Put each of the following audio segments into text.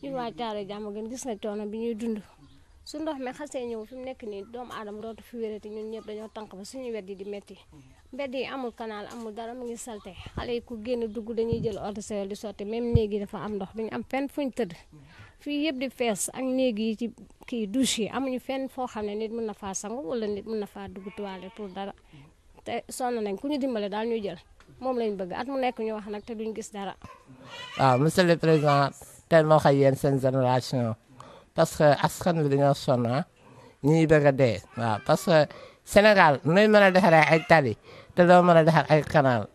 ci waa Caaroy jàmm gën gis na coono bi ñuy dund su ndox mi xasee ñëw fi mu nekk nii doomu aadama dootu fi wérati ñun ñëpp dañoo tànk ba suñu wet yi di metti mbedd yi amul canal amul dara mu ngi salte xale yi ku génn dugg dañuy jël ordre sewel di sotti même néeg yi dafa am ndox ñu am fenn fuñ tëdd fii yëpp di fees ak néeg ci kii douche yi amuñu fenn foo xam ne nit mën na faa sangu wala nit mën na faa dugg toilette pour dara te sonn nañ ku ñu dimbale daal ñu jël moom lañ bëgg at mu nekk ñu wax nag te duñ gis dara. waaw ah, monsieur teel ma wax ak yéen seen génération parce que askan wi dañoo sonn ah ñu a dee waaw parce que Sénégal nooy mën a ay tali te doo mën a defar ay canal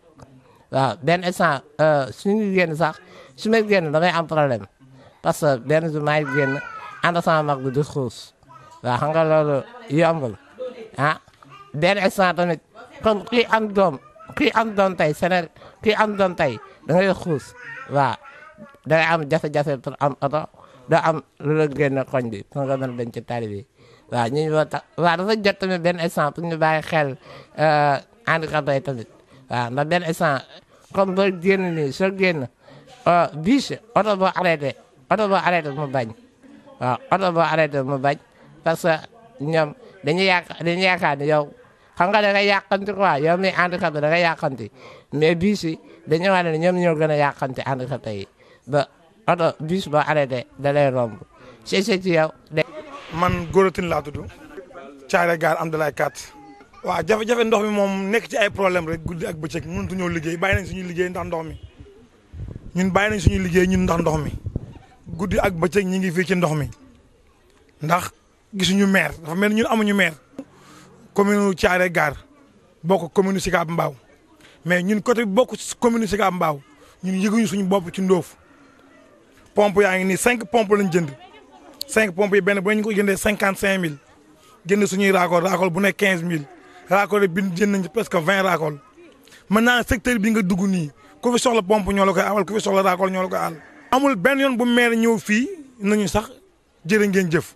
waaw benn instant euh, suñu génn sax su may génn damay am problème parce que benn jour maay génn ànd sama mag bi di xuus waaw xam yombul ah benn instant tamit am doom kii am doom tey Sénégal kii am doom tey da xuus waaw. da am jafe-jafe pour am oto da am lu la génn koñ bi pour nga mën a dem ci tali bi waaw ñu war tax waaw dafa jot tamit benn instant pour ñu bàyyi xel euh, handicapé yi tamit waaw ndax benn instant comme boo génn nii soo génn euh, bis oto boo arrêté oto boo arrêté mu bañ waaw oto boo arrêté mu bañ parce que ñoom dañuy yaakaar dañuy yaakaar ni yow xam nga da nga yàqanti quoi yow mi handicapé da nga yàqanti mais bis yi dañuy wax ne ñoom ñoo gën a yàqanti handicapé yi ba oto bis ba arrêté da lay romb si si ci man Gorotin laa tudd. Thiaré gaar am dalay kat waaw jafe-jafe ndox mi moom nekk ci ay problème rek guddi ak bëccëg mënut ñoo liggéey bàyyi nañ suñu liggéey ndax ndox mi ñun bàyyi suñu liggéey ñun ndax ndox mi guddi ak bëccëg ñi ngi fii ci ndox mi ndax gisuñu maire dafa mel ni ñun amuñu maire. commune Thiaré Gare bokk commune Sicap Mbao mais ñun côté bokk commune Sicap Mbao ñun yëguñu suñu bopp ci ndóof. pompe yaa ngi nii cinq pompe lañ jënd cinq pompe yi benn bu ñu ko jëndee cinquante cinq mille jënd suñuy raakool raakool bu nekk quinze mille raakool yi bind jënd nañ presque vingt raakool maintenant secteur bi nga dugg nii ku fi soxla pompe ñoo ko koy awal ku fi soxla raakool ñoo amul benn yoon bu meer ñëw fii nañu sax jërë ngeen jëf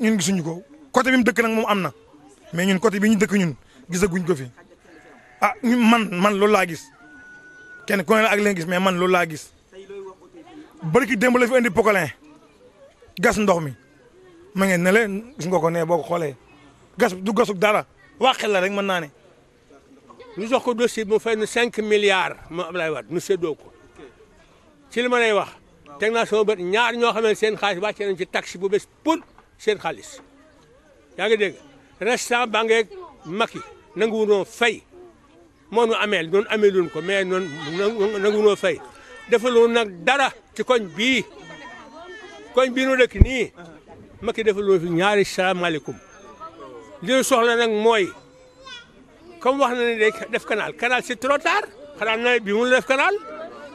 ñun gisuñu ko côté bi mu dëkk nag moom am na mais ñun côté bi ñu dëkk ñun gisaguñ ko fi ah man man loolu laa gis kenn ku ne la ak leen gis mais man loolu laa gis. bari ki démb la fi indi pokolin gas ndox mi ma ngeen ne leen gis nga ne boo ko xoolee gas du gasu dara waxee la rek mën naa ne. ñu jox ko dossier bi mu fay nu cinq milliards moom Abdoulaye Wade nu séddoo ko ci li ma lay wax teg naa sama bët ñaar ñoo xam ne seen xaalis wàcce nañ ci taxi bu bés pour seen xaalis yaa ngi dégg restant baa ngeeg Macky nangu wu noo fay moo nu ameel noonu amee luñ ko mais noonu nangu wu fay. defalul nag dara ci koñ bii koñ bii nu dëkk nii Macky defalul fi ñaari salaamaaleykum li soxla nag mooy comme wax na ne day def kanaal canal c'est trop tard xanaa nawet bi mënul def kanaal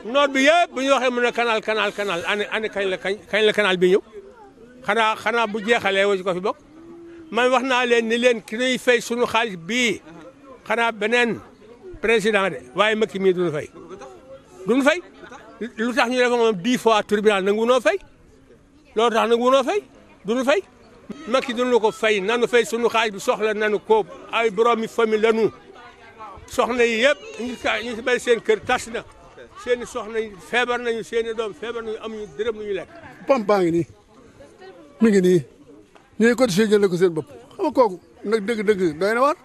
noor bi yëpp bu ñu waxee mu a kanaal canal kanaal année année kañ la kañ la kanaal bi ñëw xanaa xanaa bu jeexalee woo ci ko fi bokk man wax naa leen ni leen ki nuy fay suñu xaalis bii xanaa beneen président de waaye Macky mii duñu fay duñu fay lu tax ñu def moom dix fois tribunal nangu noo fay loolu tax nangu noo fay duñu fay. Macky duñu ko fay nanu fay sunu xaaj bi soxla nanu ko ay boroomi famille lanu soxna yi yëpp ñu ñu si bari seen kër tas na seen i soxna yi feebar nañu seen i doom feebar am amuñu dërëm lu ñu lekk. pompe baa ngi nii mi ngi nii ñooy cotisé jël ko seen bopp xam nga kooku nag dëgg-dëgg doy na waar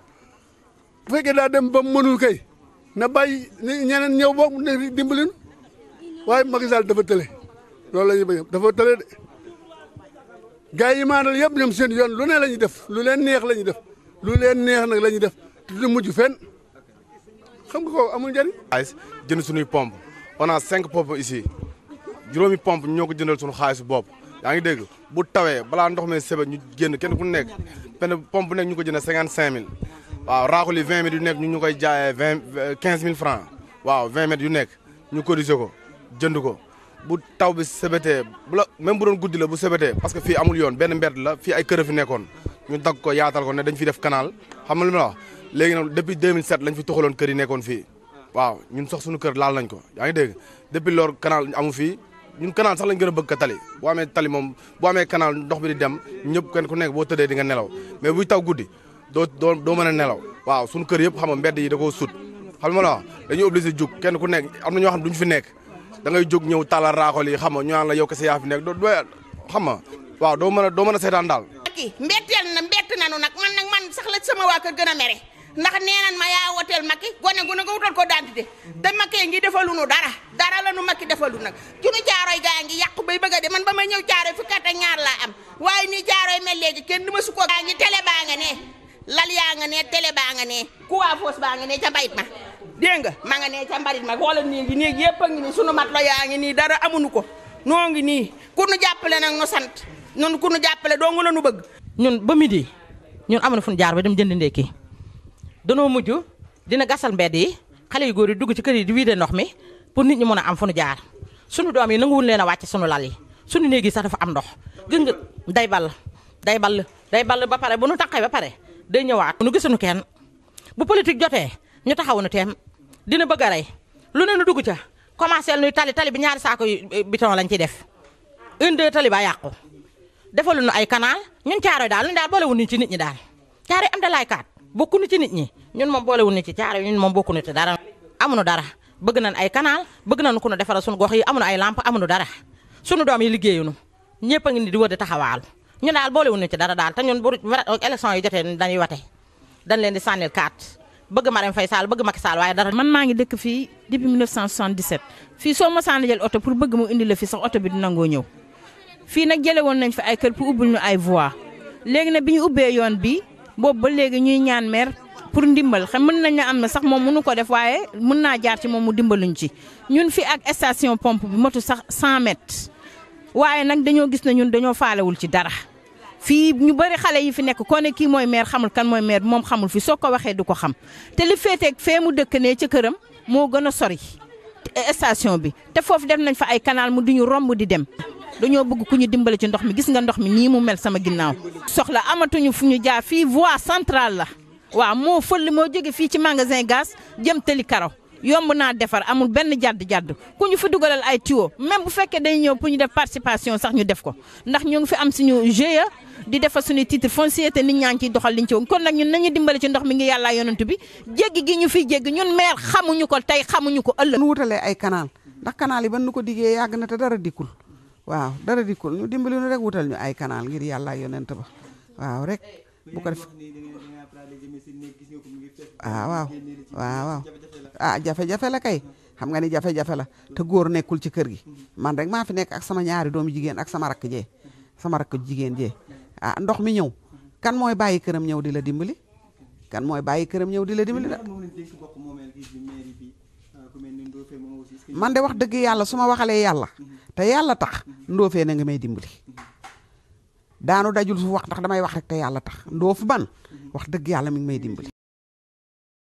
bu fekkee daa dem ba mënul kay na bàyyi ñeneen ñëw boog ne dimbali waay Macky Sall dafa tële loolu lañu ba bañ dafa tële de gars yi maanaam yëpp ñoom seen yoon lu ne la ñuy def lu leen neex la def lu leen neex nag la ñuy def te du mujj fenn xam nga kooku amul njëriñ. xaalis jënd suñuy pompe on a cinq pompes ici juróomi pompe ñoo ko jëndal suñu xaalisu bopp yaa ngi dégg bu tawee balaa ndox mi sebet ñu génn kenn ku nekk benn pompe bu nekk ñu ko jëndee cinquante cinq mille waaw raaxul yi vingt yu nekk ñu ñu koy jaayee vingt quinze mille franc waaw vingt yu nekk ñu corriger ko. jënd ko bu taw bi sebetee bu la même bu guddi la bu sebetee parce que fii amul yoon benn mbedd la fii ay kër fi nekkoon ñu dagg ko yaatal ko ne dañ fi def canal xam nga lu ma la wax léegi nag depuis 2007 lañ fi toxaloon kër yi nekkoon fii waaw ñun sax suñu kër laal nañ ko yaa ngi dégg depuis loolu canal amu fi ñun canal sax lañ gën bëgg ka tali boo amee tali moom boo amee canal ndox bi di dem ñëpp kenn ku nekk boo tëddee di nga nelaw mais bu taw guddi doo doo doo mën a nelaw waaw suñu kër yëpp xam nga mbedd yi da koo sut xam nga la dañuy kenn ku nekk am na ñoo xam duñ fi nekk dangay jóg ñëw talal raaxol yi xam nga ñu naan la yow kese yaa fi nekk doo xam nga waaw doo mën a doo mën a seetaan daal. mbetteel na mbett nanu nag man nag man sax la sama waa kër gën a mere ndax nee nan ma yaa woteel Macky gone gu ne a wutal ko dentité te Macky ngi defalu nu dara dara la nu Macky defalu nag ci nu jaaroy gaa ngi yàqu bay bëgg a de man ba may ñëw jaaroy fukki at ak ñaar laa am waaye nii jaaroy mel léegi kenn du ma ko gaa ngi télé baa nga yaa nga ne télé baa nga ne kuwaa foos baa nga dégg nga ma nga nee ca mbarit ma xoolal néeg yi néeg yëpp a ngi nii sunu mat la yaa ngi nii dara amuñu ko noo ngi nii ku nu jàppale nag nu sant ñun ku nu jàppale doo nga la nu bëgg. ñun ba midi ñun amuñu fu ñu jaar ba dem jënd ndékki danoo mujj dina gasal mbedd yi xale yu góor yi dugg ci kër yi di wiide ndox mi pour nit ñi mën a am fu jaar sunu doom yi nanguwul leen a wàcc sunu lal yi sunu néeg sax dafa am ndox gën day bal day ball day bal ba pare bu nu ba pare day ñëwaat. nu ñu taxaw nu teem dina bëgg rey lu ne nu dugg ca commencé nuy tali tali bi ñaari saako eh, biton lañ ci def une tali ba yàqu defalu nu ay canal ñun caaro daal ñun daal wu ñu ci nit ñi daal caaro am da laay kaat bokkuñu ci nit ñi ñun moom boolewul ñu ci caaro ñun moom bokkuñu ci dara amuñu dara bëgg nañ ay kanaal bëgg nañ ku nu defara suñu gox yi amuñu ay làmp lampe amuñu dara sunu doom yi liggéeyuñu ñëpp a ngi ni di wër di taxawaalu ñun daal boolewul ñu ci dara daal te ñun bu élection yi jotee dañuy wate dañ leen di sànnil kaat bëgg Marème Faye Sall bëgg Macky Sall waaye dara. man maa ngi dëkk fii depuis 1977 fi soo mosaan jël oto pour bëgg mu indi la fi sax oto bi du nangoo ñëw fii nag jëlee woon nañ fi ay kër pour ubbul ñu ay voies léegi nag bi ñu ubbee yoon bi boobu ba léegi ñuy ñaan maire pour ndimbal xam mën nañ na am na sax moom mënu ko def waaye mën naa jaar ci moom mu dimbaluñ ci ñun fi ak station pomp bi motu sax 100 mètres waaye nag dañoo gis na ñun dañoo faalewul ci dara. fii ñu bëri xale yi fi nekk koo ne kii mooy maire xamul kan mooy maire moom xamul fi soo ko waxee du ko xam te li féeteeg fee mu dëkk ne ca këram moo gën a sori station bi te foofu def nañ fa ay canal mu duñu romb di dem dañoo bëgg ku ñu dimbali ci ndox mi gis nga ndox mi nii mu mel sama ginnaaw soxla amatuñu fu ñu jaar fii voie centrale la waaw moo fël moo jóge fii ci magasin gaz jëm tëli karaw yomb naa defar amul benn jàdd jàdd ku ñu fi dugalal ay tuyaux même bu fekkee dañ ñëw pour ñu def participation sax ñu def ko ndax ñu ngi fi am suñu GIE di defar suñu titre foncier te nit ñaa ngi ciy doxal liñ ci woon kon nag ñun nañu dimbale ci ndox mi ngi yàllaa yonent bi jéggi gi ñu fiy jéggi ñun maire xamuñu ko tey xamuñu ko ëllëg. nu wutalee ay canal ndax kanaal yi ban nu ko diggee yàgg na te dara dikkul waaw dara dikkul ñu dimbali ñu rek wutal ñu ay canal ngir yàllaa yonent ba waaw rek bu ko def ah, waaw ah jafe-jafe la kay xam nga ni jafe-jafe la te góor nekkul ci kër gi man rek maa fi nekk ak sama ñaari doomu jigéen ak sama rakk jee sama rakk jigéen jee ah ndox mi ñëw kan mooy bàyyi këram ñëw di la dimbali kan mooy bàyyi këram ñëw di la dimbali ah, man de wax dëgg yàlla su ma waxalee yàlla te yàlla tax ndoofee na nga may dimbali dajul su wax ndax damay wax rek yàlla tax ndoofu ban wax dëgg yàlla mi ngi may dimbali